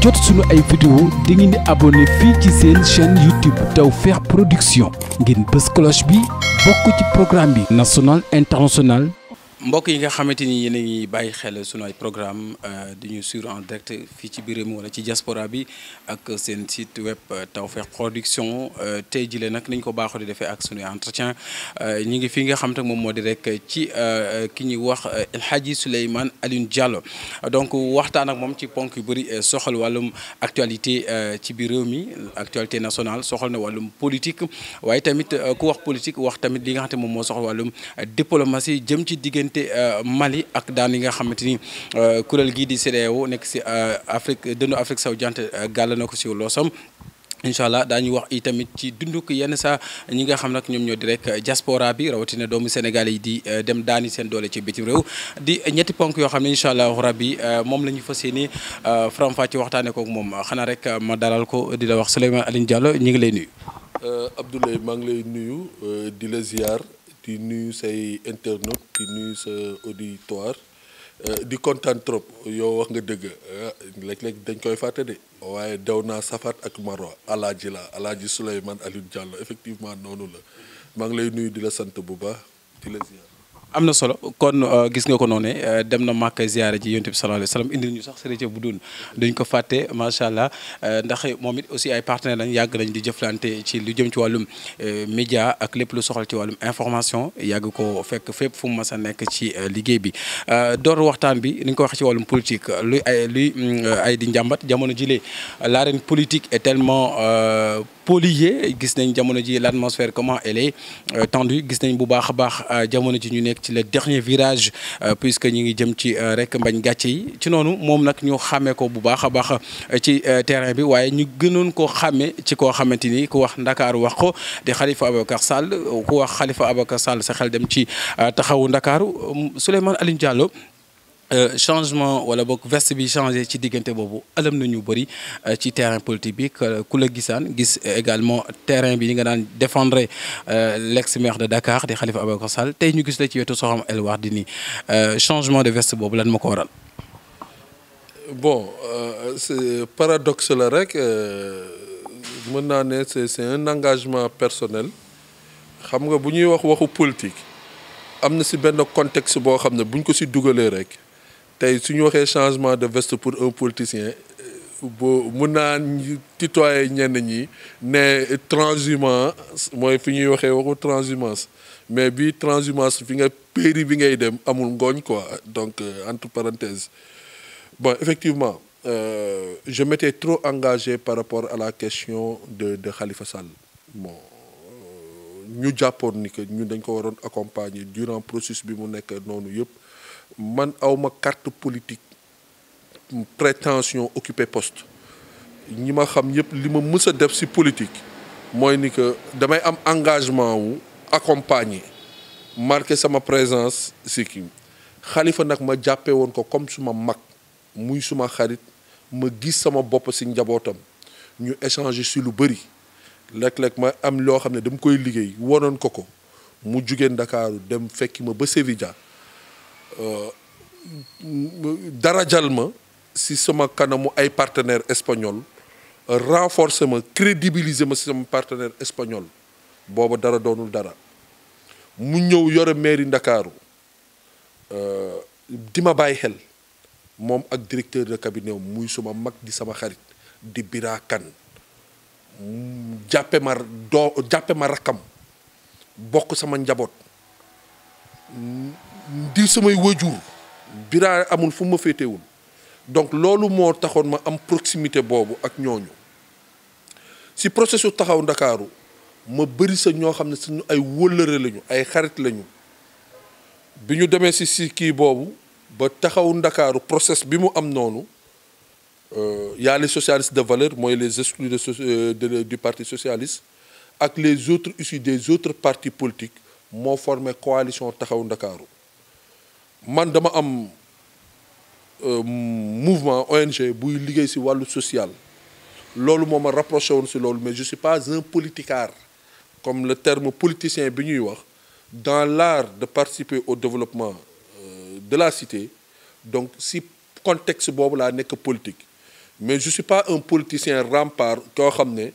jot suñu ay vidéo di ngeen di abonné fii ci seen chaîne YouTube feex Production ngeen bës cloche bi bokk ci programme bi national international mbokk yi nga xamante ni yéen a ngi bàyyi xel sunu ay programme euh, di ñu suivre en direct fii ci biir wala ci diaspora bi ak seen site web euh, Tawfekh Production euh, tey jile nag nañ ko baaxoo di defee ak sunuy entretien ñi ngi fi nga xam te moom moo di rek ci ki ñuy wax El Hadji Souleymane Alioune Diallo donc waxtaan ak moom ci ponk yu bëri soxal wàllum actualité ci biir réew mi actualité nationale soxal na wàllum politique waaye tamit ku wax politique wax tamit li nga xam te moom moo soxal wàllum diplomatie jëm ci diggante diggante euh, Mali ak daan yi nga xamante ni euh, kuréel gii di CEDEAO nekk si euh, Afrique dëndu Afrique sowu jant gàll na ko si loosam incha allah daañu wax i tamit ci dunduk yenn sax ñi nga xam nag ñoom ñoo di rek diaspora bi rawatina doomu Sénégal yi di dem daani seen doole ci bitim réew di ñetti ponk yoo xam ne incha allah rabi moom la ñu fas yéene faram fàcce waxtaanee kook moom xanaa rek ma dalal ko di la wax Souleymane alin Diallo ñu ngi lay nuyu. Abdoulaye maa ngi lay nuyu di la ziar. di nuyu say internautes di nuyu sa auditoire euh, di kontaan trop yow wax nga dëgg euh, léeg-léeg dañ koy fàtte de waaye dew naa safaat ak marwa alaaji la alaaji Souleymane Aliou Diallo effectivement noonu la maa ngi lay nuyu di la sant bu baax di la am na solo kon euh, gis nga ko noonu ne euh, dem na Màkka ziyaara ji yonent bi sallallahu alayhi wa ñu sax sëriñ bu dun dañ ko fàtte macha allah euh, ndax moom it aussi ay partenaires lañ yàgg nañ di jëflante ci lu jëm ci wàllum média ak lépp lu soxal ci wàllum information yàgg ko fekk fépp fu mu mas a nekk ci liggéey bi door waxtaan bi ni ñu ko waxee ci wàllum politique luy ay luy ay di njàmbat jamono jilee l'arène politique est tellement polluée gis nañ jamono ji l'atmosphère comment elle est tendue gis nañ bu baax a baax jamono ji ñu nekk ci le dernier virage euh, puisque ñu ngi jëm ci euh, rek mbañ gàcce yi ci noonu moom nag ñu xàmmee ko bu baax a baax euh, ci terrain bi waaye ñu gënoon koo xàmmee ci koo xamante ni ku wax Ndakaaru wax ko di xalifa Ababacar Sall ku wax xalifa Ababacar Sall sa xel dem ci taxawu Ndakaaru Souleymane Alioune Diallo Euh, changement wala boog vest bi changé ci diggante boobu alam na ñu bëri euh, ci terrain politique bi ku la gisaan gis également terrain bi ni nga daan défendre euh, l'ex maire de Dakar di Khalifa Ababacar Sall tey ñu gis la ci wetu Soham di ni changement de veste boobu lan ma ko waral. bon c'est paradoxe la rek mën naa ne c'est un engagement personnel xam nga bu ñuy wax waxu politique am na si benn contexte boo xam ne buñ ko si dugalee rek. tey su ñu waxee changement de veste pour un politicien boo mun naa tutoyer ñenn ñi ne transhumance mooy fi ñuy waxee waxu transhumance mais bi transhumance fi nga péri bi ngay dem amul ngooñ quoi donc euh, entre parenthèses bon effectivement euh, je m'étais trop engagé par rapport à la question de de Khalifa Sall bon euh, ñu jàppoon ni que ñun dañ ko waroon accompagner durant process bi mu nekk noonu yëpp man awma kart politique prétention occuper poste ñi ma xam yëpp li ma mës a def si politique mooy ni que damay am engagement wu accompagner marqué sama présence si kii Xalifa nag ma jàppee woon ko comme suma mag muy suma xarit ma gis sama bopp si njabootam ñu échanger si lu bëri léeg-léeg ma am loo xam ne dama koy liggéey wonoon ko ko mu jugee Ndakaaru dem fekki ma ba Sevilla Euh, darajal ma si sama kanamu ay partenaire espagnol renforcer ma crédibiliser ma si sama partenaire espagnol booba dara doonul dara mu ñëw yore mairie Ndakaaru euh, di ma bàyyi xel moom ak directeur de cabinet muy suma mag di sama xarit di biraakan Kane jàppe ma doo jàppe ma rakkam bokk sama njaboot di samay waajur biraa amul fu ma féetewul donc loolu moo taxoon ma am proximité boobu ak ñooñu si processus taxaw ndakaaru ma bëri sa ñoo xam ne suñu ay wëllëre lañu ay xarit lañu bi ñu demee si si kii boobu ba taxaw ndakaaru process bi mu am noonu euh, y a les de valeur mooy les exclus euh, de du parti socialiste ak les autres issus des autres partis politiques moo formé coalition taxaw ndakaaru man dama am euh, mouvement ONG buy liggéey ci wàllu social loolu moom a rapproché woon si loolu mais je suis pas un politicard comme le terme politicien bi ñuy wax dans l'art de participer au développement euh, de la cité donc ci contexte boobu laa nekk politique mais je suis pas un politicien rempart koo xam ne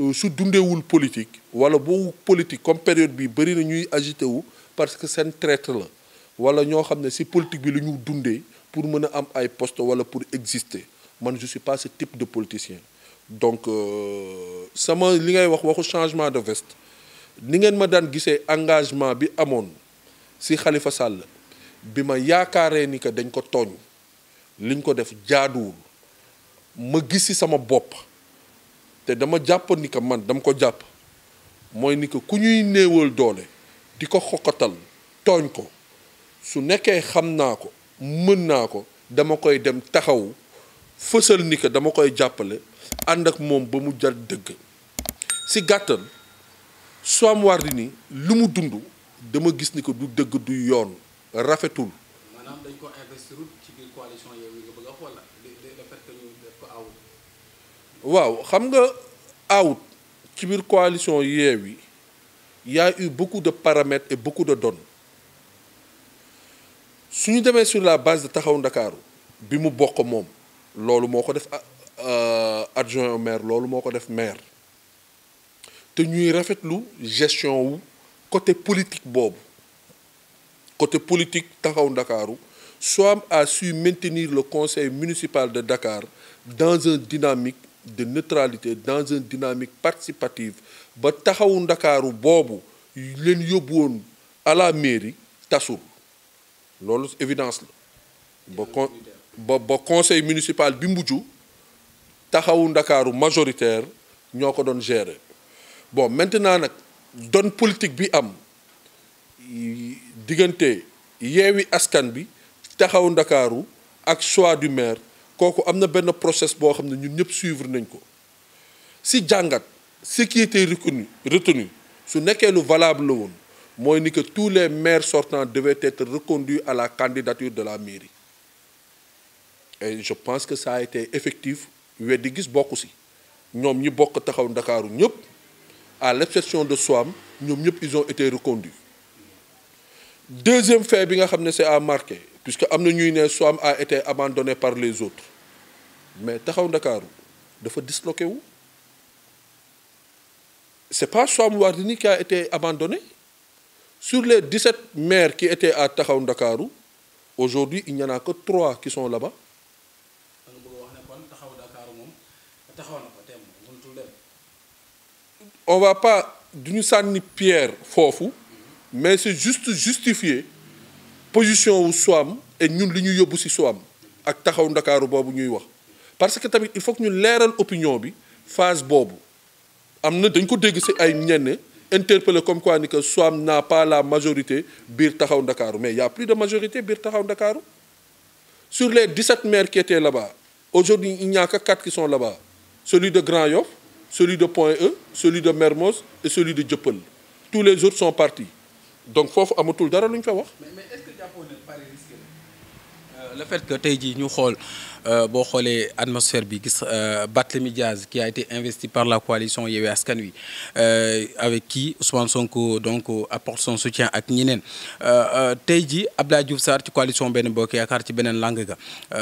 euh, su dundeewul politique wala boobu politique comme période bi bëri na ñuy agité wu parce que seen traître la wala ñoo xam ne si politique bi lu ñu dundee pour mën a am ay poste wala pour exister man je suis pas ce type de politicien donc euh, sama li ngay wax waxu changement de veste ni ngeen ma daan gisee engagement bi amoon si Khalifa sàll bi ma yaakaaree ni que dañ ko tooñ liñ ko def jaaduwul ma gis ci sama bopp te dama jàpp ni que man dam ko jàpp mooy ni que ku ñuy néewal doole di ko xoqatal tooñ ko su nekkee xam naa ko mën naa ko dama koy dem taxaw fësal ni que dama koy jàppale ànd ak moom ba mu jal dëgg si gàttal Soham Wardini lu mu dund dama gis ni ko du dëgg du yoon rafetul. maanaam ko investir a xool waaw xam nga awut ci biir coalition yi y a eu beaucoup de paramètres et beaucoup de données. su ñu demee sur la base de taxaw ndakaaru bi mu bokk moom loolu moo ko def ah, euh, adjoint au maire loolu moo ko def maire te ñuy rafetlu gestion wu côté politique boobu côté politique taxaw ndakaaru SOAM a su maintenir le conseil municipal de Dakar dans une dynamique de neutralité dans une dynamique participative ba taxawu ndakaaru boobu leen yóbbu woon à la tasul loolu évidence la ba con conseil municipal bi mujj taxawu ndakaaru majoritaire ñoo ko doon gérer bo maintenant nag don politique bi am diggante yeewi askan bi taxawu ndakaaru ak choix du maire kooku am na benn process boo xam ne ñun ñëpp suivre nañ ko si jàngat si qui était retenu su nekkee lu valable la woon mooy ni que tous les maires sortants devaient être reconduits à la candidature de la mairie et je pense que ça a été effectif weddi gis bokku si ñoom ñi bokk taxaw ndakaaru ñëpp à l'exception de soime ñoom ñëpp ils ont été reconduits deuxième fait bi nga xam ne c'est à marquer puisque am na ñuy ne Soham à été abandonné par les autres mais taxaw ndakaaru dafa disloqué wu c'est pas Soham Wardini qui a été abandonné Sur les 17 maire ki étaient à taxaw ndakaaru aujourd'hui, il n'y en a que 3 qui sont là-bas. On va pas d'une sanni pierre fofu, mais c'est juste justifier position wu Soham et ñun li ñu yóbbu ci Soham ak taxaw Ndakaaru boobu ñuy wax parce que tamit il faut que ñu leeral opinion bi phase boobu am na dañ ko dégg ci ay ñenn interpellé comme quoi ni que Soham n'a pas la majorité biir taxaw Ndakaaru mais y plus de majorité biir taxaw Ndakaaru sur les 17 maires qui étaient là-bas aujourd'hui il n'y a que 4 qui sont là celui de Grand Yoff celui de Point E celui de Mermoz et celui de Dieuppeul tous les autres sont partis donc foofu amatul dara lu ñu fa wax. Euh, le fait que tey jii ñu xool euh, boo xoolee atmosphère bi gis euh, Barthélémy Diaz qui a été investi par la coalition Yewwi Askan Wi avec qui Ousmane Sonko donc apporte son soutien ak ñeneen tey jii ab Diouf Sarr ci coalition benn Bokk Yaakaar ci beneen lang ga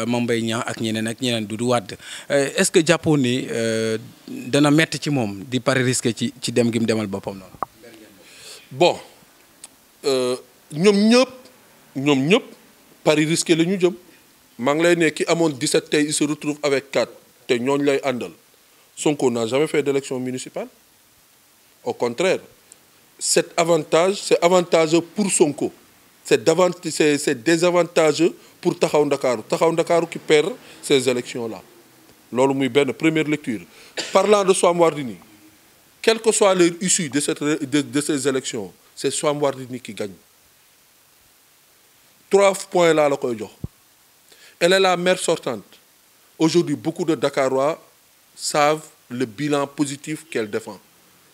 Mame Mbaye Niang ak ñeneen ak ñeneen du du wàdd est-ce que jàppoon ni dana metti ci moom di pari risquer ci ci dem gi mu demal boppam noonu. bon ñoom ñëpp. par risqué la ñu jëm maa ngi lay ne ki amoon 17 tey il se retrouve avec 4 te ñooñu lay àndal Sonko n'a jamais fait d'élection municipale au contraire cet avantage c'est avantageux pour Sonko c'est davant c'est c'est désavantageux pour taxaw Ndakaaru taxaw Ndakaaru qui perd ces élections la loolu muy benn première lecture parlant de Soham Wardini quelle que soit l'issue de cette de, de ces élections c'est Soham Wardini ki gagne trois points laa la koy jox elle est la mère sortante aujourd'hui beaucoup de waa savent le bilan positif qu'elle défend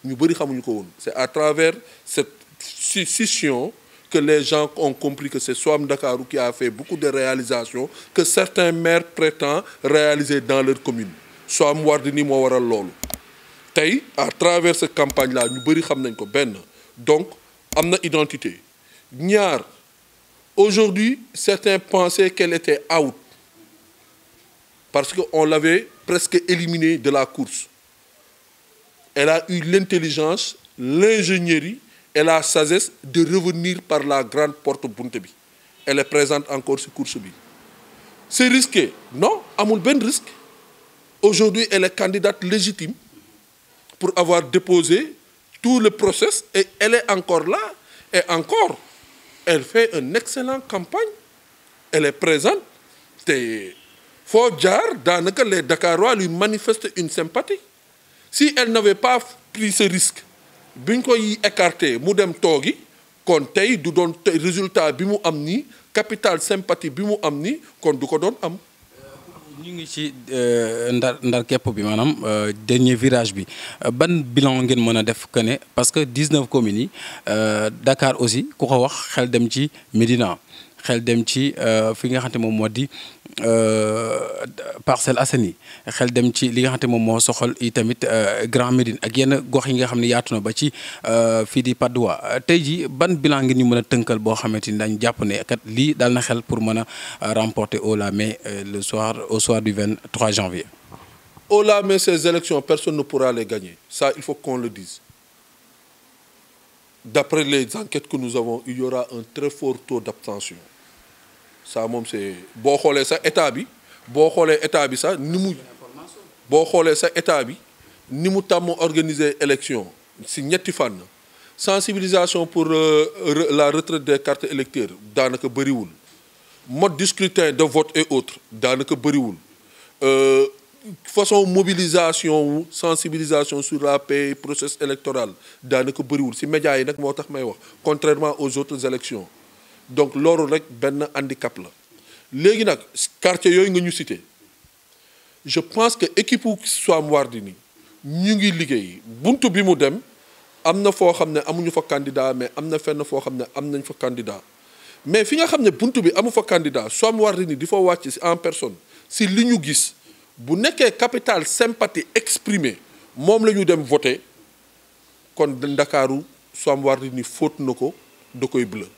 ñu bëri xamuñu ko woon c'est à travers cette scission que les gens ont compris que c'est Soham Dakarou qui a fait beaucoup de réalisations que certains maires prétendent réaliser dans leur commune Soham ni moo waral loolu tey à travers cette campagne là ñu bëri xam nañ ko benn donc am na identité ñaar Aujourd'hui, certains pensaient qu'elle était out parce qu'on l'avait presque éliminée de la course. Elle a eu l'intelligence, l'ingénierie et la sagesse de revenir par la grande porte Buntebi. Elle est présente encore sur course bi. C'est risqué. Non, amul ben risque. Aujourd'hui, elle est candidate légitime pour avoir déposé tout le process et elle est encore là et encore elle fait une excellente campagne elle est présente te foo jaar daanaka les Dakarois lui manifestent une sympathie si elle n'avait pas pris ce risque bi ñu koy écarté mu dem toogi kon tey du doon résultat bi mu am nii capital sympathie bi mu am nii kon du ko doon am ñu ngi ci euh, ndar ndar képp bi maanaam euh, dernier virage bi euh, ban bilan ngeen mën a def que ne parce que dix 19 communes yi Dakar aussi ku ko wax xel dem ci Médina xel dem ci euh, fi nga xamante moom moo di euh, Parcelles Assainies xel dem ci li nga xamante moom moo soxal i tamit euh, Grand Médine ak yenn gox yi nga xam ne yaatu na ba ci fii di Patte d'Oie tey ji ban bilan ngeen ñu mën a tënkal boo xamante ni dañ jàpp ne kat lii daal na xel pour mën a remporter au la mais le soir au soir du 23 janvier. haut la main ces élections personne ne pourra les gagner ça il faut qu'on d'après les enquêtes que nous avons il y aura un très fort taux d'abstention ça moom c'est boo xoolee sax état bi boo xoolee état bi sax ni mu boo xoolee sa état bi ni mu tàmm organiser élection si ñetti fànn sensibilisation pour euh, la retraite des cartes électeurs daanaka bëriwul mode du scrutin de vote et autres daanaka bëriwul euh, façon mobilisation sensibilisation sur la paix process électoral daanaka bëriwul ci médias yi nag moo tax may wax contrairement aux autres élections donc loolu rek benn handicap la léegi nag quartier yooyu nga ñu cité je pense que équipe u wardi Wardini ñu ngi liggéey bunt bi mu dem am na foo xam ne amuñu fa candidat mais am na fenn foo xam ne am nañ fa candidat mais fi nga xam ne buntu bi amu fa candidat Soham nii di fa wàcc ci en personne ci li ñu gis bu nekkee capital sympathie exprimée moom la ñu dem voté kon ndakaaru Soham ni fóot na ko du koy bleu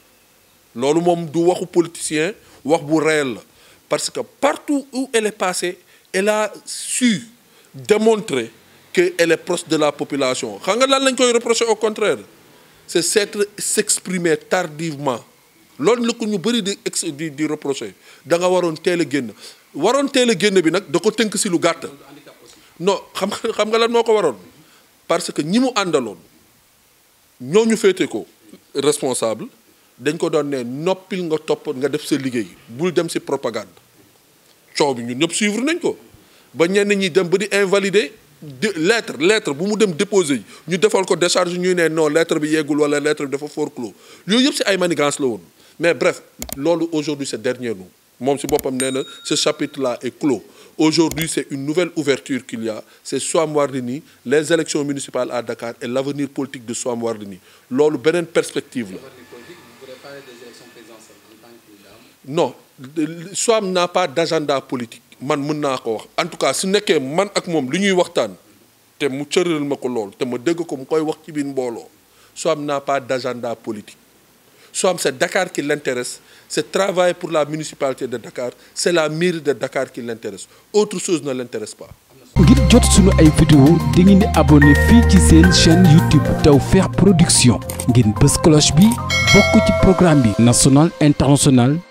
loolu moom du waxu politicien wax bu réel la parce que partout où elle est passée elle a su démontrer que elle est proche de la population xam nga lan lañ koy reprocher au contraire c'est s'être s'exprimer tardivement loolu la ko ñu bëri di di di reprocher danga waroon teel a génn waroon teel a génn bi nag da ko tënk si lu gàtt non xam xam nga lan moo ko waroon parce que ñi mu àndaloon ñoo ñu féete ko responsable dañ ko doon ne noppil nga topp nga def sa liggéey bul dem si propagande coow bi ñu ñëpp suivre nañ ko ba ñenn ñi dem ba di de lettre lettre bu mu dem déposer ñu defal ko décharge ñuy nee noo lettre bi yeggul wala lettre bi dafa forclos yooyu yëpp si ay manigance la woon mais bref loolu aujourd'hui c'est dernier nous moom si boppam nee na ce chapitre là est clos aujourd'hui c'est une nouvelle ouverture qu'il y a c'est Soham Wardini les élections municipales à Dakar et l'avenir politique de Soham Wardini loolu beneen perspective la non Soham n'a pas d'agenda politique man mën naa ko wax en tout cas su nekkee man ak moom li ñuy waxtaan te mu cëral ma ko lool te ma dégg ko mu koy wax ci biir mbooloo Soham n'a pas d'agenda politique Soit c'est Dakar qui l'intéresse, c'est travailler pour la municipalité de Dakar, c'est la mairie de Dakar qui l'intéresse. Autre chose ne l'intéresse pas. ngir jot suñu ay vidéo di ngeen di abonné fii ci seen chaîne YouTube Tawfekh Production ngeen bës cloche bi bokk ci programme bi national international